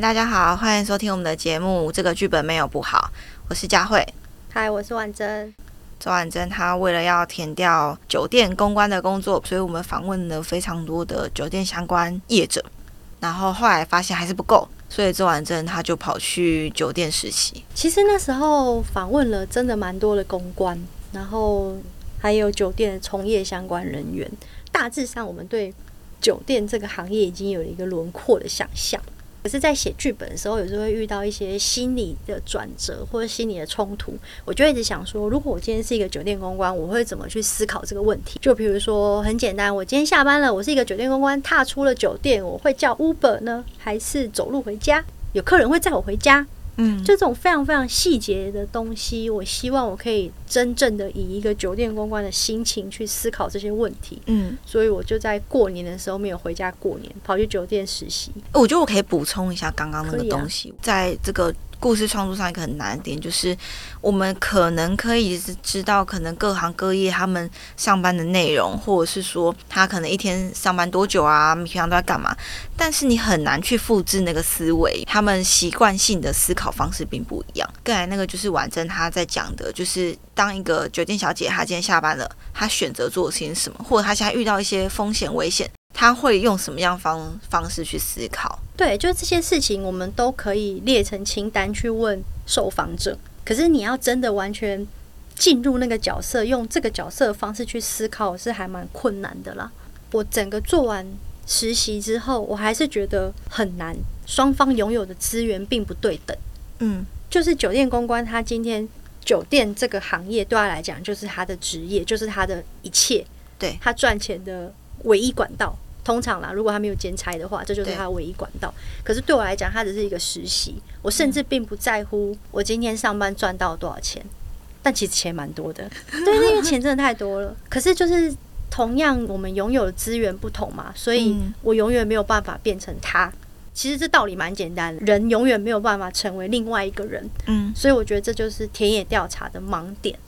大家好，歡迎收聽我們的節目。這個劇本沒有不好，我是佳慧。嗨，我是婉珍。周婉珍他為了要填掉酒店公關的工作，所以我們訪問了非常多的酒店相關業者。然後後來發現還是不夠，所以周婉珍他就跑去酒店實習。其實那時候訪問了真的蠻多的公關，然後還有酒店的從業相關人員。大致上，我們對酒店這個行業已經有了一個輪廓的想象。可是在寫劇本的時候，有時候會遇到一些心理的轉折或者心理的衝突，我就一直想說，如果我今天是一個酒店公關，我會怎麼去思考這個問題？就比如說，很簡單，我今天下班了，我是一個酒店公關，踏出了酒店，我會叫 Uber 呢，還是走路回家？有客人會載我回家？嗯，這種非常非常細節的東西，我希望我可以真正的以一個酒店公關的心情去思考這些問題。嗯，所以我就在過年的時候沒有回家過年，跑去酒店實習。我覺得我可以補充一下剛剛那個東西，啊、在這個。故事創作上一個很難的點就是，我們可能可以知道可能各行各業他們上班的內容，或者是說他可能一天上班多久啊，平常都在幹嘛，但是你很難去複製那個思維，他們習慣性的思考方式並不一樣。剛才那個就是婉珍她在講的，就是當一個酒店小姐，她今天下班了，她選擇做的事情是什麼，或者她現在遇到一些風險危險，她會用什麼樣方方式去思考？對，就是這些事情，我們都可以列成清單去問受訪者。可是你要真的完全進入那個角色，用這個角色的方式去思考，是還蠻困難的啦。我整個做完實習之後，我還是覺得很難。雙方擁有的資源並不對等。嗯，就是酒店公關，他今天酒店這個行業對他來講，就是他的職業，就是他的一切，對他賺錢的唯一管道。通常啦，如果他沒有兼差的話，這就是他的唯一管道。可是對我來講，他只是一個實習，我甚至並不在乎我今天上班賺到多少錢，但其實錢蠻多的， 對，因為錢真的太多了。可是就是同樣，我們擁有的資源不同嘛，所以我永遠沒有辦法變成他。其實這道理蠻簡單的，人永遠沒有辦法成為另外一個人。嗯，所以我覺得這就是田野調查的盲點。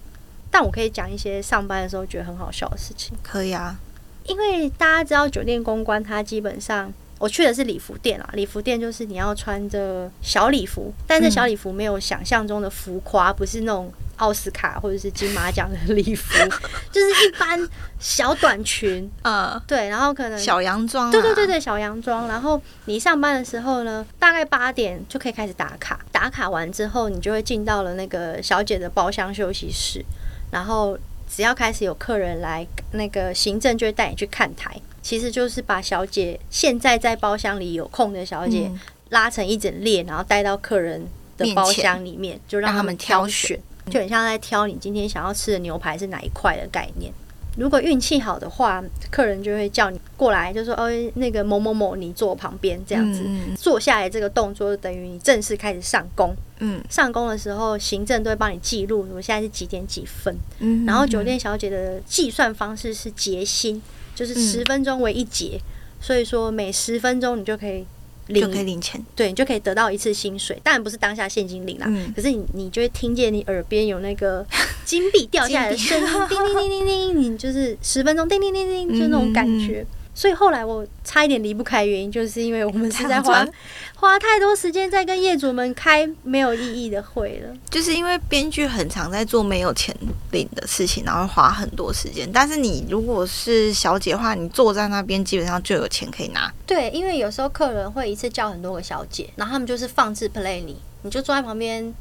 但我可以講一些上班的時候覺得很好笑的事情。可以啊。因為大家知道酒店公關，它基本上我去的是禮服店啦。禮服店就是你要穿着小禮服，但是小禮服沒有想象中的浮誇，不是那種奧斯卡或者是金馬獎的禮服，嗯，就是一般小短裙啊。 對，然後可能小洋裝，對對對對，小洋裝。然後你上班的時候呢，大概八點就可以開始打卡。打卡完之後，你就會進到了那個小姐的包廂休息室，然後。只要開始有客人來，那個行政就會帶你去看台，其實就是把小姐現在在包廂裡有空的小姐拉成一整列，然後帶到客人的包廂裡面，就讓他們挑選，就很像在挑你今天想要吃的牛排是哪一塊的概念。如果運氣好的話，客人就會叫你過來，就說：“哦，那個某某某，你坐我旁邊這樣子、嗯、坐下來。”這個動作就等於你正式開始上工。嗯，上工的時候，行政都會幫你記錄，我現在是幾點幾分。嗯，然後酒店小姐的計算方式是節薪、嗯，就是十分鐘為一節、嗯，所以說每十分鐘你就可以。領就可以領錢，對，你就可以得到一次薪水，當然不是當下現金領啦。可是你，你就會聽見你耳邊有那個金幣掉下來的聲音，叮叮叮叮叮，你就是十分鐘叮叮叮叮，就那種感覺。 所以後來我差一點離不開，原因就是因為我們是在花花太多時間在跟業主們開沒有意義的會了。就是因為編劇很常在做沒有錢領的事情，然後花很多時間。但是你如果是小姐的話，你坐在那邊基本上就有錢可以拿。對，因為有時候客人會一次叫很多個小姐，然後他們就是放置 play 你，你就坐在旁邊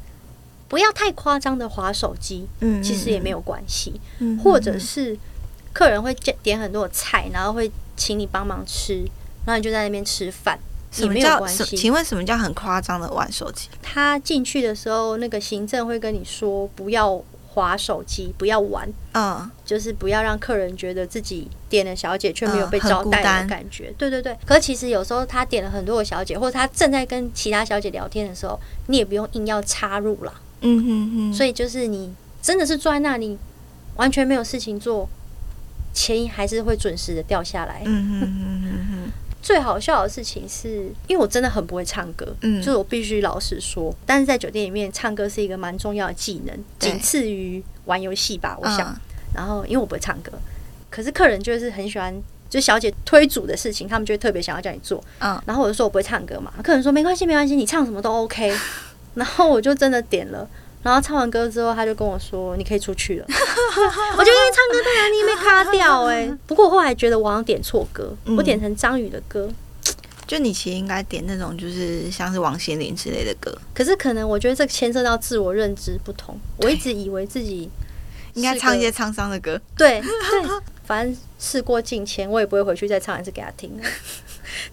不要太誇張的滑手機，嗯，其實也沒有關係，嗯。或者是客人會點很多的菜，然後會。請你幫忙吃，然後你就在那邊吃飯，也沒有關係。請問什麼叫很誇張的玩手機？他進去的時候，那個行政會跟你說不要滑手機，不要玩，啊、嗯，就是不要讓客人覺得自己點了小姐卻沒有被招待的感覺、嗯。對對對。可是其實有時候他點了很多個小姐，或者他正在跟其他小姐聊天的時候，你也不用硬要插入了。嗯哼哼。所以就是你真的是坐在那裡，完全沒有事情做。前還是會準時的掉下來。嗯嗯， 最好笑的事情是，因為我真的很不會唱歌，嗯，就是我必須老實說。但是在酒店裡面唱歌是一個蠻重要的技能，僅次於玩遊戲吧，我想。然後因為我不會唱歌，可是客人就是很喜歡，就小姐推主的事情，他們就會特別想要叫你做。嗯。然後我就說我不會唱歌嘛，客人說沒關係，沒關係，你唱什麼都 OK。然後我就真的點了。然後唱完歌之後，他就跟我說：“你可以出去了。 ”我就因為唱歌，對啊，你沒卡掉。哎。不過後來覺得我好像點錯歌，我點成張宇的歌。嗯。就你其實應該點那種，就是像是王心凌之類的歌。可是可能我覺得這牽涉到自我認知不同。我一直以為自己應該唱一些滄桑的歌。對。對對，反正事過境遷，我也不會回去再唱一次給他聽。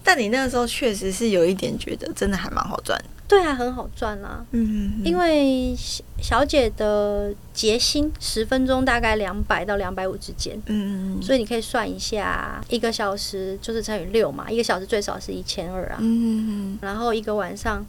但你那個時候確實是有一點覺得，真的還蠻好賺。對，還很好賺啦，啊。嗯哼哼，因為小姐的節薪十分鐘大概兩百到兩百五之間。嗯哼哼，所以你可以算一下，一個小時就是乘以六嘛，一個小時最少是一千二啊。嗯哼哼，然後一個晚上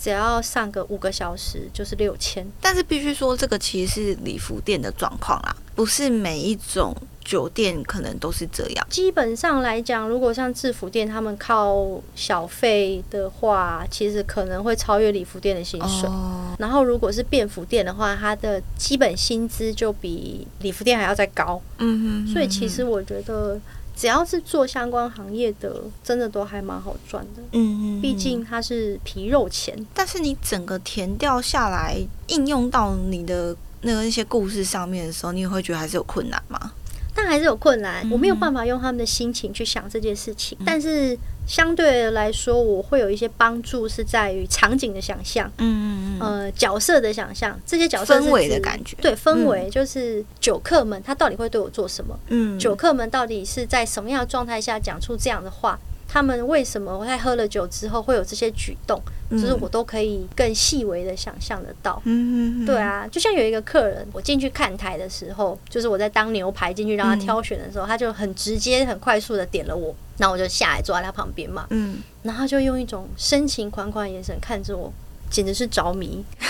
只要上個五個小時就是六千。但是必須說，這個其實是禮服店的狀況啦，不是每一種。酒店可能都是這樣。基本上來講，如果像制服店，他們靠小費的話，其實可能會超越禮服店的薪水、哦。然後如果是便服店的話，它的基本薪資就比禮服店還要再高。嗯哼、嗯，所以其實我覺得，只要是做相關行業的，真的都還蠻好賺的。嗯嗯，畢竟它是皮肉錢、嗯。嗯嗯、但是你整個田調下來，應用到你的那個一些故事上面的時候，你也會覺得還是有困難嗎？但還是有困難，我沒有辦法用他們的心情去想這件事情。嗯、但是相對來說，我會有一些幫助，是在於場景的想象，嗯嗯嗯、呃，角色的想象，這些角色是氛圍的感覺，對氛圍就是、嗯、酒客們他到底會對我做什麼，嗯，酒客們到底是在什麼樣的狀態下講出這樣的話。他們為什麼在喝了酒之後會有這些舉動？就是我都可以更細微的想象得到。嗯嗯，對啊，就像有一個客人，我進去看台的時候，就是我在當牛排進去讓他挑選的時候，嗯、他就很直接、很快速的點了我，然後我就下來坐在他旁邊嘛。嗯，然後他就用一種深情款款的眼神看着我。簡直是着迷，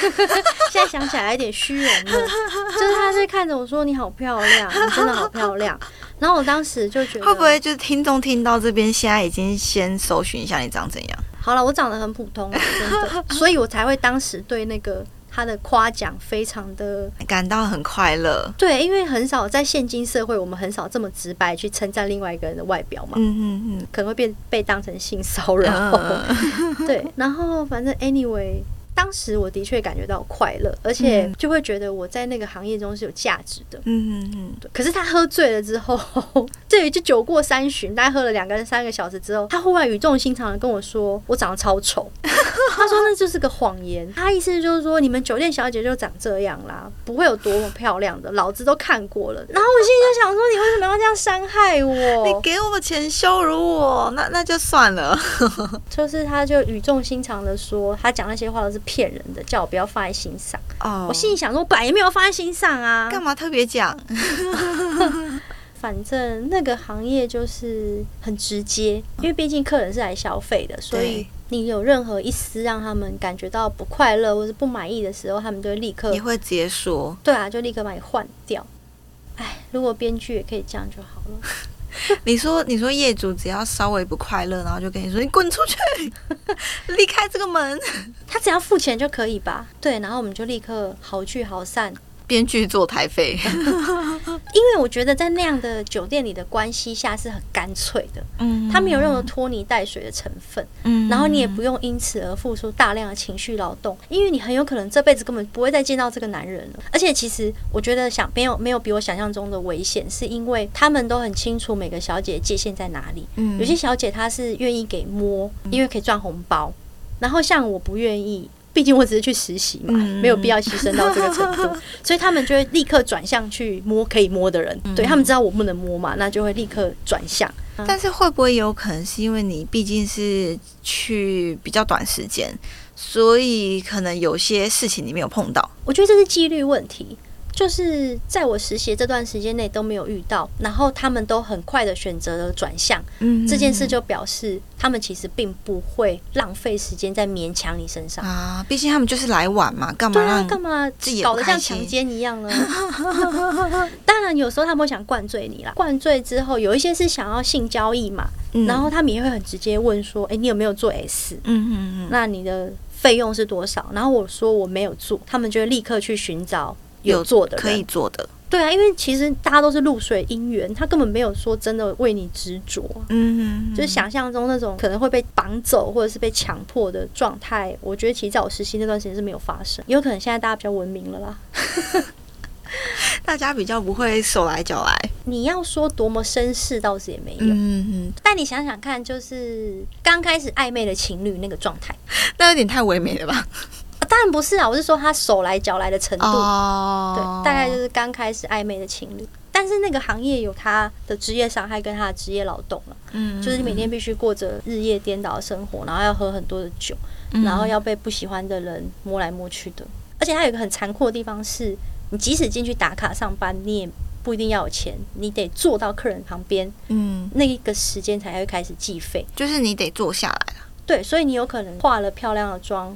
現在想起來有點虛榮呢。就是他在看着我說：“你好漂亮，你真的好漂亮。”然後我當時就覺得，會不會就是聽眾聽到這邊，現在已經先搜尋一下你長怎樣？好了，我長得很普通，真的，所以我才會當時對那個。他的誇獎非常的感到很快樂，對，因為很少在現今社會，我們很少這麼直白去稱讚另外一個人的外表嘛，嗯嗯嗯，可能會被被當成性騷擾，對，然後反正 anyway。當時我的確感覺到快樂，而且就會覺得我在那個行業中是有價值的。嗯嗯嗯。可是他喝醉了之後，對，就酒過三巡，大家喝了兩個人三個小時之後，他忽然語重心長的跟我說：“我長得超醜。 ”他說：“那就是個謊言。”他意思就是說：“你們酒店小姐就長這樣啦，不會有多麼漂亮的。 ”老子都看過了。然後我心裡就想說：“你為什麼要這樣傷害我？你給我錢羞辱我，哦、那那就算了。 ”就是他就語重心長的說：“他講那些話都是。”騙人的，叫我不要放在心上。Oh, 我心裡想說，我本來也沒有放在心上啊，幹嘛特別講？ 反正那個行業就是很直接，因為畢竟客人是來消費的，所以你有任何一絲讓他們感覺到不快樂或者不滿意的時候，他們就會立刻……你會解鎖。對啊，就立刻把你換掉。哎，如果編劇也可以這樣就好了。 你說，你說業主只要稍微不快樂，然後就跟你說：“你滾出去，離開這個門。 ”他只要付錢就可以吧？對，然後我們就立刻好聚好散。編劇坐台費。 因為我覺得在那樣的酒店裡的關係下是很乾脆的，嗯，他沒有任何拖泥帶水的成分，嗯，然後你也不用因此而付出大量的情緒勞動，因為你很有可能這輩子根本不會再見到這個男人了。而且其實我覺得想沒有沒有比我想象中的危險，是因為他們都很清楚每個小姐界限在哪裡，嗯，有些小姐她是願意給摸，因為可以賺紅包，然後像我不願意。畢竟我只是去實習嘛，沒有必要犧牲到這個程度， 所以他們就會立刻轉向去摸可以摸的人。對，他們知道我不能摸嘛，那就會立刻轉向。啊。但是會不會有可能是因為你畢竟是去比較短時間，所以可能有些事情你沒有碰到？我覺得這是幾率問題。就是在我實習這段時間內都沒有遇到，然後他們都很快的選擇了轉向。嗯，這件事就表示他們其實並不會浪費時間在勉強你身上啊。畢竟他們就是來晚嘛，幹嘛幹嘛搞得像強奸一樣呢？當然，有時候他們會想灌醉你啦。灌醉之後有一些是想要性交易嘛，然後他們也會很直接問說：“哎，你有沒有做 S？” 嗯嗯，那你的費用是多少？然後我說我沒有做，他們就會立刻去尋找。有做的可以做的，對啊，因為其實大家都是露水姻緣，他根本沒有說真的為你執着，嗯哼，就是想象中那種可能會被綁走或者是被強迫的狀態。我覺得其實在我實習那段時間是沒有發生，有可能現在大家比較文明了啦， 大家比較不會手來腳來。你要說多麼紳士，倒是也沒有，嗯哼，但你想想看，就是剛開始曖昧的情侶那個狀態，那有點太唯美了吧。當然不是啊，我是說他手來腳來的程度，Oh~，對，大概就是剛開始曖昧的情侶。但是那個行業有他的職業傷害跟他的職業勞動了，嗯，就是你每天必須過着日夜顛倒的生活，然後要喝很多的酒，然後要被不喜歡的人摸來摸去的。而且他有一個很殘酷的地方是，你即使進去打卡上班，你也不一定要有錢，你得坐到客人旁邊，嗯，那個時間才會開始計費，就是你得坐下來了。對，所以你有可能化了漂亮的妝。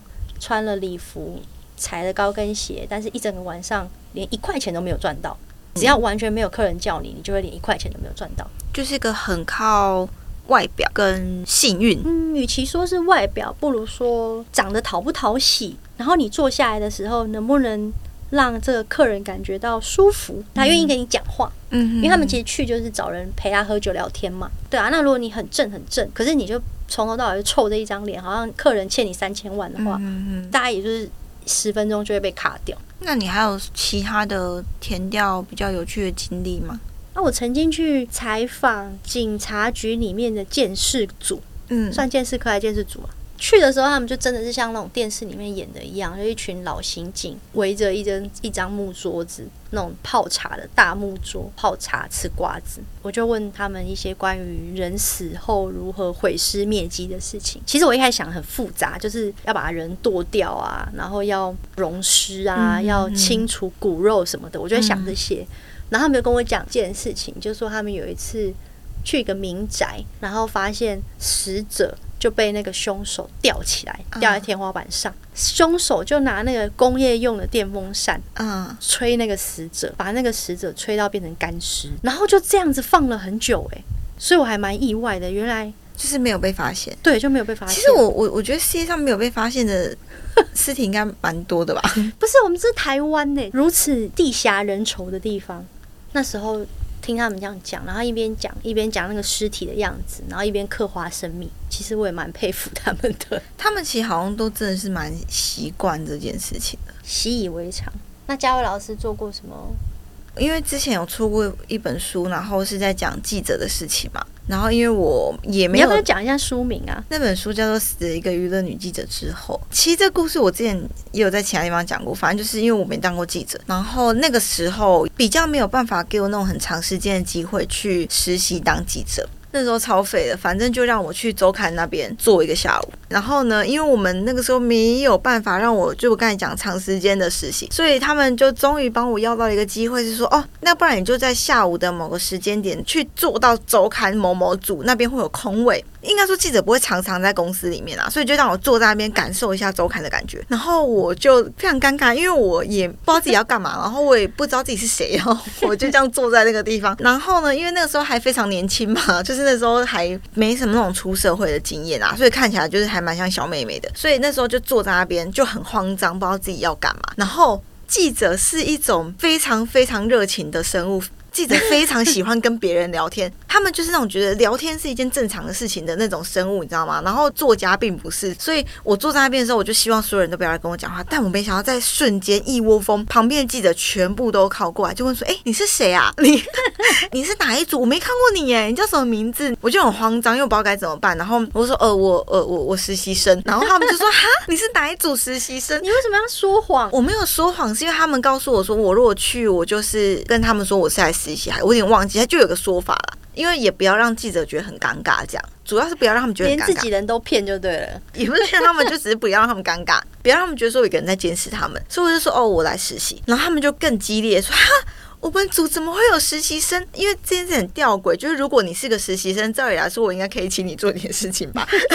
穿了禮服，踩了高跟鞋，但是一整個晚上連一塊錢都沒有賺到。只要完全沒有客人叫你，你就會連一塊錢都沒有賺到。就是一個很靠外表跟幸運。嗯，與其說是外表，不如說長得討不討喜。然後你坐下來的時候，能不能讓這個客人感覺到舒服，他願意跟你講話。嗯，因為他們其實去就是找人陪他喝酒聊天嘛。對啊，那如果你很正很正，可是你就。從頭到尾就臭着一張臉，好像客人欠你三千萬的話，嗯、哼哼大概，也就是十分鐘就會被卡掉。那你還有其他的田調比較有趣的經歷嗎？那我曾經去採訪警察局裡面的鑑識組，嗯，算鑑識科還是鑑識組啊？去的時候，他們就真的是像那種電視裡面演的一樣，就一群老刑警圍着一張一張木桌子，那種泡茶的大木桌，泡茶吃瓜子。我就問他們一些關於人死後如何毀屍滅跡的事情。其實我一開始想很複雜，就是要把人剁掉啊，然後要溶屍啊、嗯，要清除骨肉什麼的。嗯、我就想這些、嗯，然後他們就跟我講一件事情，就說他們有一次。去一個民宅，然後發現死者就被那個凶手吊起來，吊在天花板上。嗯、凶手就拿那個工業用的電風扇，啊、嗯，吹那個死者，把那個死者吹到變成乾屍、嗯，然後就這樣子放了很久、欸，哎，所以我還蠻意外的，原來就是沒有被發現，對，就沒有被發現。其實我我我覺得世界上沒有被發現的屍體應該蠻多的吧？ 嗯、不是，我們是台灣呢、欸，如此地狹人稠的地方，那時候。聽他們這樣講，然後一邊講一邊講那個屍體的樣子，然後一邊刻畫生命。其實我也蠻佩服他們的。他們其實好像都真的是蠻習慣這件事情的，習以為常。那嘉偉老師做過什麼？因為之前有出過一本書，然後是在講記者的事情嘛。然後，因為我也沒有，你要不要講一下書名啊？那本書叫做《死了一個娛樂女記者之後》。其實這故事我之前也有在其他地方講過。反正就是因為我沒當過記者，然後那個時候比較沒有辦法給我那種很長時間的機會去實習當記者。那時候超廢的，反正就讓我去周刊那邊坐一個下午。然後呢，因為我們那個時候沒有辦法讓我，就我跟你講長時間的實習，所以他們就終於幫我要到一個機會，是說哦，那不然你就在下午的某個時間點去坐到周刊某某組那邊會有空位。應該說記者不會常常在公司裡面啊，所以就讓我坐在那邊感受一下周刊的感覺。然後我就非常尷尬，因為我也不知道自己要幹嘛，然後我也不知道自己是誰哦，我就這樣坐在那個地方。然後呢，因為那個時候還非常年輕嘛，就是那時候還沒什麼那種出社會的經驗啊，所以看起來就是還蠻像小妹妹的。所以那時候就坐在那邊，就很慌張，不知道自己要幹嘛。然後記者是一種非常非常熱情的生物。記者非常喜歡跟別人聊天， 他們就是那種覺得聊天是一件正常的事情的那種生物，你知道嗎？然後作家並不是，所以我坐在那邊的時候，我就希望所有人都不要來跟我講話。但我沒想到，在瞬間一窩蜂，旁邊的記者全部都靠過來，就問說：“哎，你是誰啊？”你。 你是哪一組？我沒看過你誒，你叫什麼名字？我就很慌張，又不知道該怎麼辦。然後我說：“呃，我呃我我，我實習生。”然後他們就說：“哈， 你是哪一組實習生？你為什麼要說謊？”我沒有說謊，是因為他們告訴我說，我如果去，我就是跟他們說我是來實習。還我有點忘記，他就有個說法啦。因為也不要讓記者覺得很尷尬，這樣主要是不要讓他們覺得連自己人都騙就對了， 也不是騙他們，就只是不要讓他們尷尬，不要讓他們覺得說有一個人在監視他們。所以我就說：“哦，我來實習。”然後他們就更激烈說：“哈。”我們組怎麼會有實習生？因為這件事很吊詭，就是如果你是個實習生，照理來說我應該可以請你做點事情吧。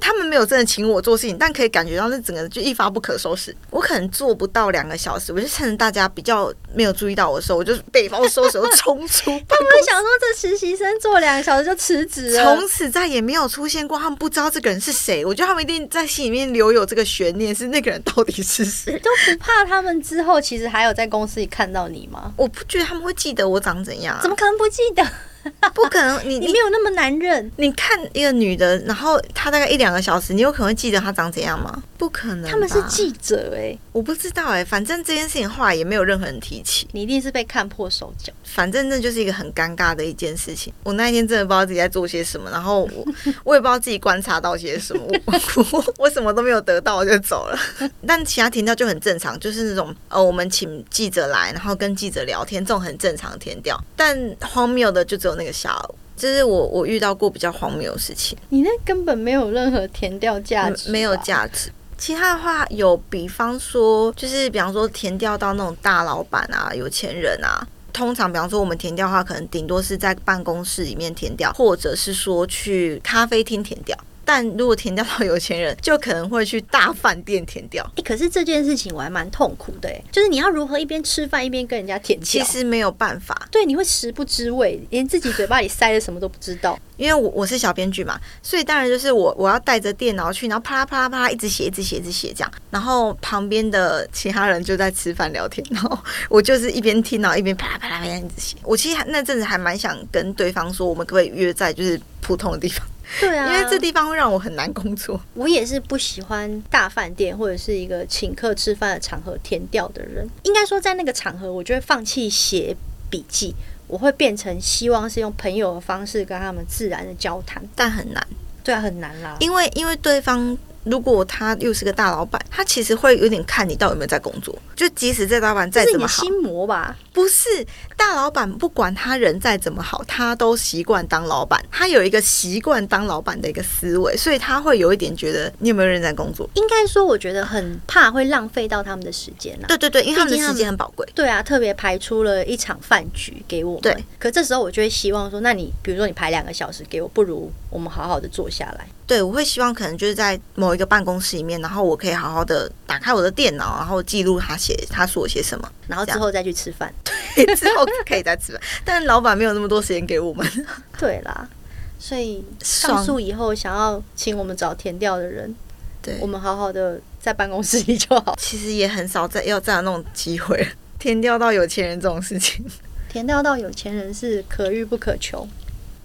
他們沒有真的請我做事情，但可以感覺到這整個就一發不可收拾。我可能做不到兩個小時，我就趁着大家比較沒有注意到我的時候，我就被迫收手，衝出辦公室。他們想說這實習生做兩個小時就辭職了，從此再也沒有出現過。他們不知道這個人是誰，我覺得他們一定在心裡面留有這個懸念，是那個人到底是誰？就不怕他們之後其實還有在公司裡看到你嗎？我不覺得他們會記得我長怎樣啊，怎麼可能不記得？ 不可能，你你，你沒有那麼男人。你看一個女的，然後她大概一兩個小時，你有可能會記得她長怎樣嗎？不可能。他們是記者哎、欸，我不知道哎、欸，反正這件事情後來也沒有任何人提起，你一定是被看破手腳。反正那就是一個很尷尬的一件事情。我那一天真的不知道自己在做些什麼，然後我我也不知道自己觀察到些什麼，我 我什麼都沒有得到，我就走了。 但其他田調就很正常，就是那種呃、哦，我們請記者來，然後跟記者聊天，這種很正常的田調。但荒謬的就只有。那個下午，就是我我遇到過比較荒謬的事情。你那根本沒有任何田調價值啊，沒有價值。其他的話，有比方說，就是比方說田調到那種大老闆啊、有錢人啊。通常比方說我們田調的話，可能頂多是在辦公室裡面田調，或者是說去咖啡廳田調。但如果田調到有錢人，就可能會去大飯店田調。哎、欸，可是這件事情我還蠻痛苦的、欸，就是你要如何一邊吃飯一邊跟人家田調。其實沒有辦法，對，你會食不知味，連自己嘴巴裡塞的什麼都不知道。因為我我是小編劇嘛，所以當然就是我我要帶着電腦去，然後啪啦啪啦啪啦一直寫，一直寫，一直寫這樣。然後旁邊的其他人就在吃飯聊天，然後我就是一邊聽然後一邊啪啦啪啦啪啦一直寫。我其實還那陣子還蠻想跟對方說，我們可不可以約在就是普通的地方。對啊，因為這地方會讓我很難工作。我也是不喜歡大飯店或者是一個請客吃飯的場合田調的人。應該說，在那個場合，我就會放棄寫筆記，我會變成希望是用朋友的方式跟他們自然的交談，但很難。對啊，很難啦。因為因為對方如果他又是個大老闆，他其實會有點看你到底有沒有在工作。就即使這老板再怎麼好，心魔吧？不是大老板，不管他人再怎麼好，他都習慣當老板，他有一個習慣當老板的一個思維，所以他會有一點覺得你有沒有認真工作？應該說，我覺得很怕會浪費到他們的時間了。 對對對，因為他們的時間很寶貴。對啊，特別排出了一場飯局給我們。對，可這時候我就會希望說，那你比如說你排兩個小時給我，不如我們好好的坐下來。對，我會希望可能就是在某一個辦公室裡面，然後我可以好好的打開我的電腦，然後記錄他寫，他說些什麼，然後之後再去吃飯。對，之後可以再吃飯， 但老闆沒有那麼多時間給我們。對啦，所以上訴以後想要請我們找田調的人，對，我們好好的在辦公室裡就好。其實也很少再要這樣那種機會，田調到有錢人這種事情，田調到有錢人是可遇不可求。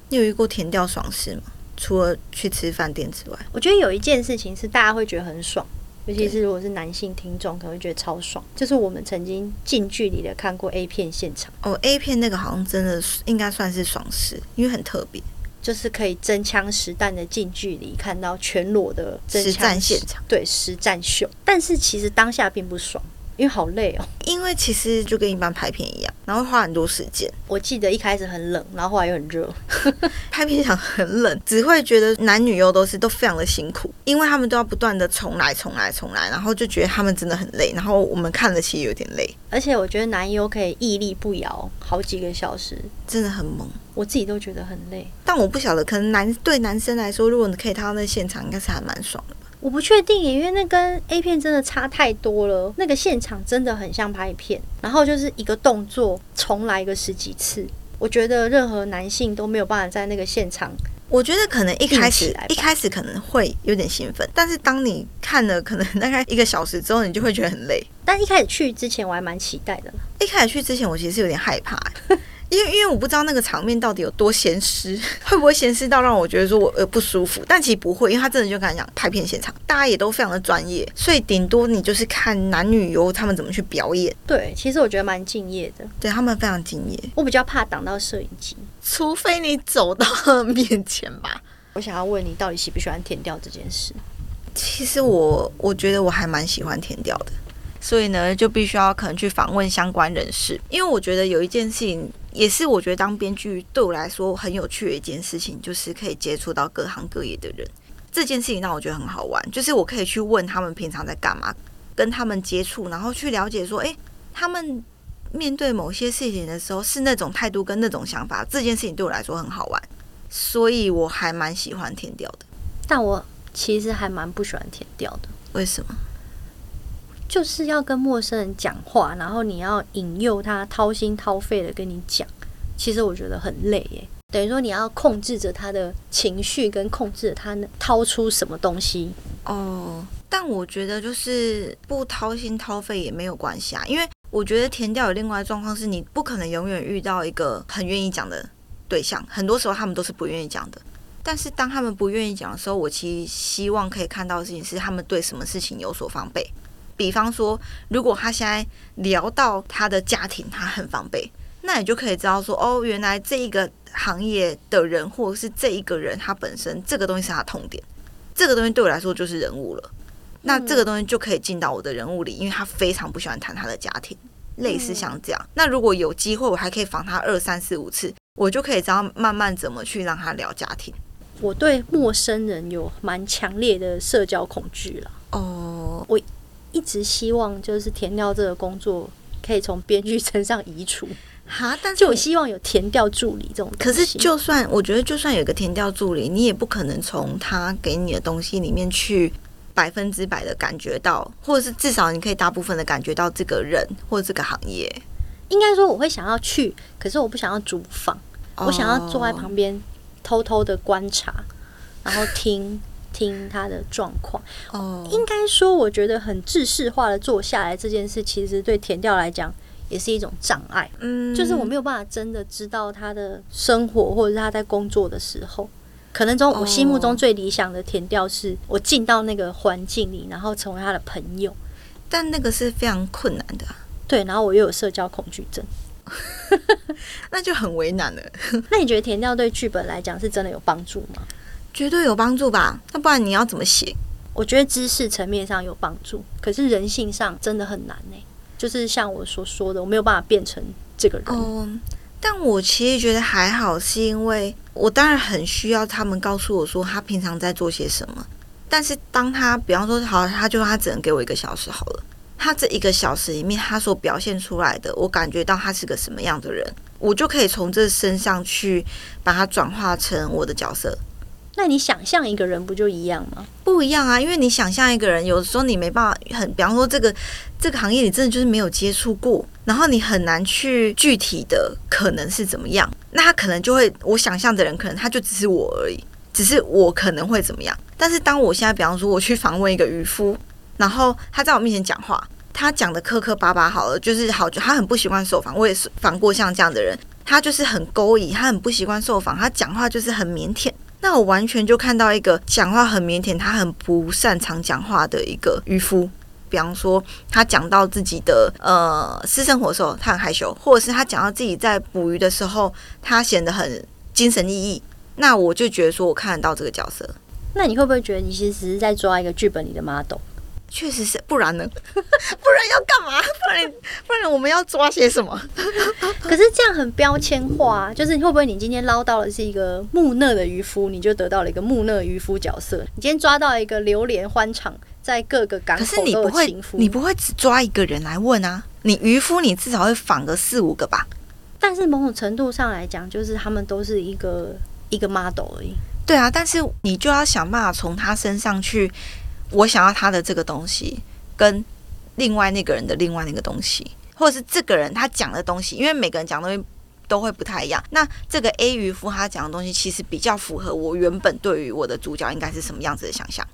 你有遇過田調爽事嗎？除了去吃飯店之外，我覺得有一件事情是大家會覺得很爽。尤其是如果是男性聽眾，可能會覺得超爽。就是我們曾經近距離的看過 A 片現場哦，A 片那個好像真的應該算是爽事，因為很特別，就是可以真槍實彈的近距離看到全裸的真實戰現場，對實戰秀。但是其實當下並不爽。因為好累哦，因為其實就跟一般拍片一樣，然後花很多時間。我記得一開始很冷，然後後來又很熱。 拍片場很冷，只會覺得男女優都是都非常的辛苦，因為他們都要不斷的重來、重來、重來，然後就覺得他們真的很累。然後我們看了其實有點累，而且我覺得男優可以屹立不搖好幾個小時，真的很猛。我自己都覺得很累，但我不曉得，可能男對男生來說，如果你可以踏到那現場，應該是還蠻爽的。我不確定，因為那跟 A 片真的差太多了。那個現場真的很像拍片，然後就是一個動作重來個十幾次。我覺得任何男性都沒有辦法在那個現場。我覺得可能一開始一,一開始可能會有點興奮，但是當你看了可能大概一個小時之後，你就會覺得很累。但一開始去之前我還蠻期待的。一開始去之前我其實是有點害怕。 因為因為我不知道那個場面到底有多鹹濕，會不會鹹濕到讓我覺得說我呃不舒服？但其實不會，因為他真的就敢講拍片現場，大家也都非常的專業，所以頂多你就是看男女優他們怎麼去表演。對，其實我覺得蠻敬業的，對，他們非常敬業。我比較怕擋到攝影機，除非你走到他面前吧。我想要問你，到底喜不喜歡田調這件事？其實我我覺得我還蠻喜歡田調的，所以呢就必須要可能去訪問相關人士，因為我覺得有一件事情。也是我覺得當編劇對我來說很有趣的一件事情，就是可以接觸到各行各業的人。這件事情讓我覺得很好玩，就是我可以去問他們平常在幹嘛，跟他們接觸，然後去了解說，誒、欸，他們面對某些事情的時候是那種態度跟那種想法。這件事情對我來說很好玩，所以我還蠻喜歡田調的。但我其實還蠻不喜歡田調的，為什麼？就是要跟陌生人講話，然後你要引誘他掏心掏肺的跟你講。其實我覺得很累耶，等於說你要控制着他的情緒，跟控制他掏出什麼東西。哦，但我覺得就是不掏心掏肺也沒有關係啊，因為我覺得田調有另外狀況，是你不可能永遠遇到一個很願意講的對象。很多時候他們都是不願意講的，但是當他們不願意講的時候，我其實希望可以看到的事情是他們對什麼事情有所防備。比方說，如果他現在聊到他的家庭，他很防備，那你就可以知道說，哦，原來這一個行業的人，或者是這一個人，他本身這個東西是他的痛點，這個東西對我來說就是人物了。那這個東西就可以進到我的人物裡，嗯、因為他非常不喜歡談他的家庭，類似像這樣。嗯、那如果有機會，我還可以訪他二三四五次，我就可以知道慢慢怎麼去讓他聊家庭。我對陌生人有蠻強烈的社交恐懼了。哦，我。一直希望就是田調這個工作，可以從編劇身上移除。哈，但是就我希望有田調助理這種。可是就算我覺得就算有個田調助理，你也不可能從他給你的東西裡面去百分之百的感覺到，或者是至少你可以大部分的感覺到這個人或者這個行業。應該說我會想要去，可是我不想要主訪，哦，我想要坐在旁邊偷偷的觀察，然後聽。 聽他的狀況哦，應該說我覺得很制式化，的做下來這件事，其實對田調來講也是一種障礙。嗯，就是我沒有辦法真的知道他的生活，或者是他在工作的時候，可能中我心目中最理想的田調是我進到那個環境裡，然後成為他的朋友，但那個是非常困難的啊。對，然後我又有社交恐懼症， 那就很為難了。那你覺得田調對劇本來講是真的有幫助嗎？絕對有幫助吧？那不然你要怎麼寫？我覺得知識層面上有幫助，可是人性上真的很難，欸、就是像我所說的，我沒有辦法變成這個人。哦、oh，但我其實覺得還好，是因為我當然很需要他們告訴我說他平常在做些什麼。但是當他比方說，好，他就說他只能給我一個小時好了。他這一個小時裡面，他所表現出來的，我感覺到他是個什麼樣的人，我就可以從這身上去把它轉化成我的角色。那你想象一個人不就一樣嗎？不一樣啊，因為你想象一個人，有的時候你沒辦法很，比方說這個這個行業你真的就是沒有接觸過，然後你很難去具體的可能是怎麼樣。那他可能就會我想象的人，可能他就只是我而已，只是我可能會怎麼樣。但是當我現在比方說我去訪問一個漁夫，然後他在我面前講話，他講的磕磕巴巴，好了，就是好，他很不習慣受訪。我也是訪過像這樣的人，他就是很勾引，他很不習慣受訪，他講話就是很靦腆。那我完全就看到一個講話很靦腆，他很不擅長講話的一個漁夫。比方說，他講到自己的呃私生活的時候，他很害羞；或者是他講到自己在捕魚的時候，他顯得很精神奕奕。那我就覺得說，我看得到這個角色。那你會不會覺得你其實是在抓一個劇本裡的 model？確實是，不然呢？ 不然要幹嘛？不然不然我們要抓些什麼？ 可是這樣很標籤化，就是會不會你今天撈到的是一個木訥的漁夫，你就得到了一個木訥漁夫角色？你今天抓到一個流連歡場，在各個港口都幸福，可是你不會，你不會只抓一個人來問啊？你漁夫，你至少會訪個四五個吧？但是某種程度上來講，就是他們都是一個一個 model 而已。對啊，但是你就要想辦法從他身上去。我想要他的這個東西，跟另外那個人的另外那個東西，或者是這個人他講的東西，因為每個人講的東西都會不太一樣。那這個 A 漁夫他講的東西，其實比較符合我原本對於我的主角應該是什麼樣子的想象，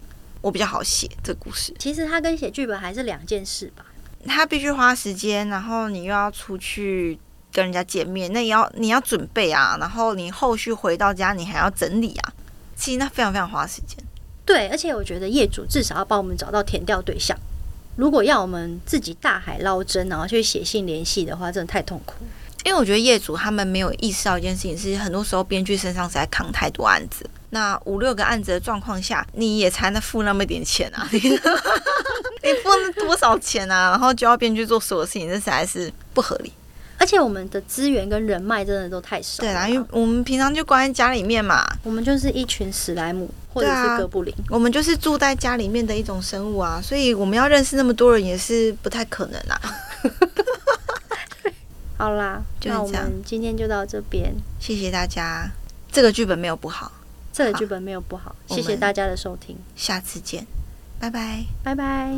我比較好寫這個故事。其實他跟寫劇本還是兩件事吧。他必須花時間，然後你又要出去跟人家見面，那你要你要準備啊，然後你後續回到家你還要整理啊，其實那非常非常花時間。對，而且我覺得業主至少要幫我們找到田調對象。如果要我們自己大海撈針，然後去寫信聯繫的話，真的太痛苦。因為我覺得業主他們沒有意識到一件事情，是很多時候編劇身上實在扛，太多案子。那五六個案子的狀況下，你也才能付那麼點錢啊？ 你付了多少錢啊？然後就要編劇做所有事情，這實在是不合理。而且我們的資源跟人脈真的都太少。對啦。因為我們平常就關在家裡面嘛，我們就是一群史萊姆或者是哥布林、啊，我們就是住在家裡面的一種生物啊，所以我們要認識那麼多人也是不太可能、啊、 啦。好啦，那我們今天就到這邊，謝謝大家。這個劇本沒有不好，這個劇本沒有不好，好，謝謝大家的收聽，下次見，拜拜，拜拜。